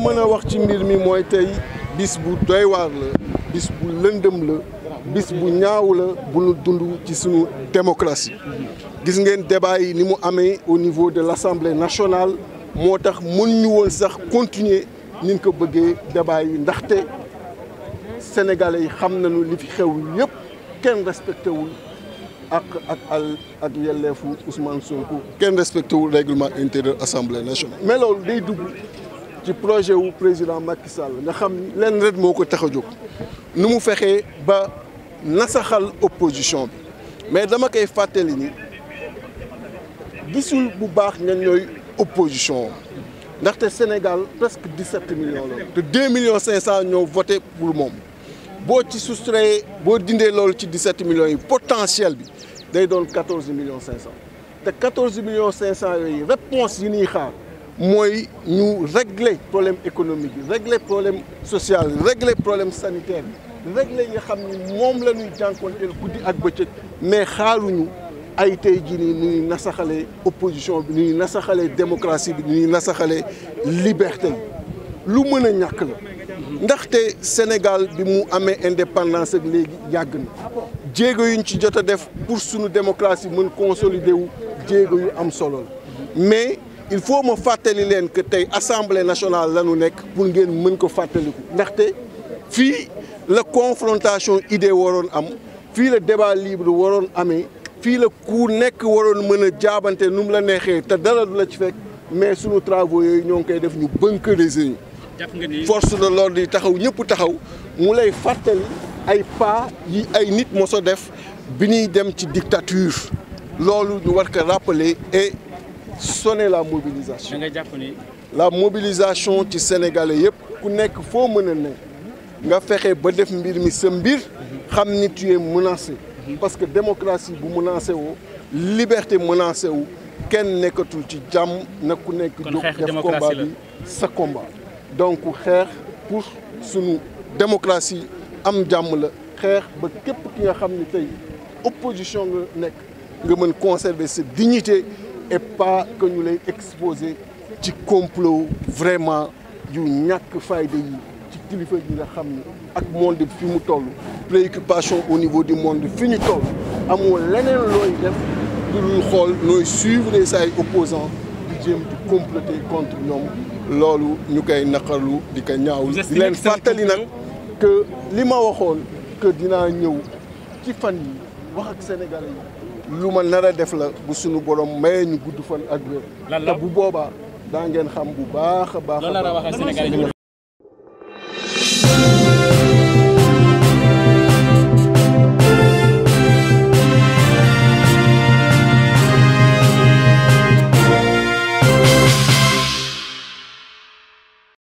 mën a wax ci mbir mi mooy tey bis bu doy waar la bis bu lëndëm la bis bu ñaaw la bu nu dund ci suñu démocratie gis ngeen débat yi ni mu amee au niveau de l'Assemblée nationale moo tax mën ñu woon sax continuer ni ko bëggee débat yi ndaxte sénégalais yi xam nañu li fi xew yëpp kenn respecté wul ak ak al ak yelleefu Ousmane Sonko kenn respecté wul règlement intérieur Assemblée nationale mais day dugg ci projet wu président Macky Sall nga xam lenn rek moo ko tax a jóg nu mu fexee ba nasaxal opposition bi mais dama koy fàttali ni gisul bu baax ñan ñooy opposition ndaxte Sénégal presque 17 millions la te 2 millions 500 ñoo voté pour moom boo ci soustrayé boo dindee loolu ci 17 million yi potentiel bi day doon 14 millions 500 te 14 millions 500 yooyu réponse yi ñuy xaar. mooy ñu régler problème économique bi régler problème social régle problème sanitaire bi régler nga xam ni moom la ñuy jànkonteel guddi ak bëccëg mais xaaruñu ay tey jii nii ñuy nasaxalee opposition bi ñuy nasaxalee démocratie bi ñuy nasaxalee liberté lu mën a ñàkk la ndaxte Sénégal bi mu amee indépendance ak léegi yàgg na jéego yuñ ci jot a def pour suñu démocratie mën consolider wu jéego yu am solo la mais il faut ma fàttali leen que tey assemblée nationale la nekk pour ngeen mën ko fàttaliku ndaxte fii la confrontation idée waroon am fii la débat libre waroon amee fii la ku nekk waroon mën a jaabante nu mu la neexee te dara du la ci fekk mais sunu travaux yooyu ñoo ngi koy def ñu bunkeriser ñu. force de l'ordre yi taxaw ñëpp taxaw mu lay fàttali ay pas yi ay nit moso def bi ñuy dem ci dictature loolu ñu war ko rappeler et. sone la mobilisation. nga jàpp ni. la mobilisation ci sénégalais yëpp ku nekk foo mën a ne nga fexe ba def mbir mi sa mbir xam ni tu es menacé parce que démocratie bu menacé woo liberté menacé wu kenn nekkatul ci jàmm na ku nekk jóg def combat bi sa combat donc xeex pour sunu démocratie am jàmm la xeex ba képp ki nga xam ni tey opposition nga nekk nga mën conserver sa dignité et pas que ñu lay exposé ci complot vraiment yu ñàkk fayda yi ci kilifa di nga xam ne ak monde fi mu toll préoccupation au niveau du monde fi ñu toll amoo leneen looy def dul xool nooy suivre say opposants di jéem di comploter contre ñoom loolu ñu koy naqarlu di ko ñaaw di leen fàttali nag que li ma waxoon kë dina ñëw ci fan yi wax ak sénégalais yi lu ma nar a def la bu sunu borom mayee ñu gudd fan ak wér te bu boobaa daa ngeen xam bu baax a baax a baax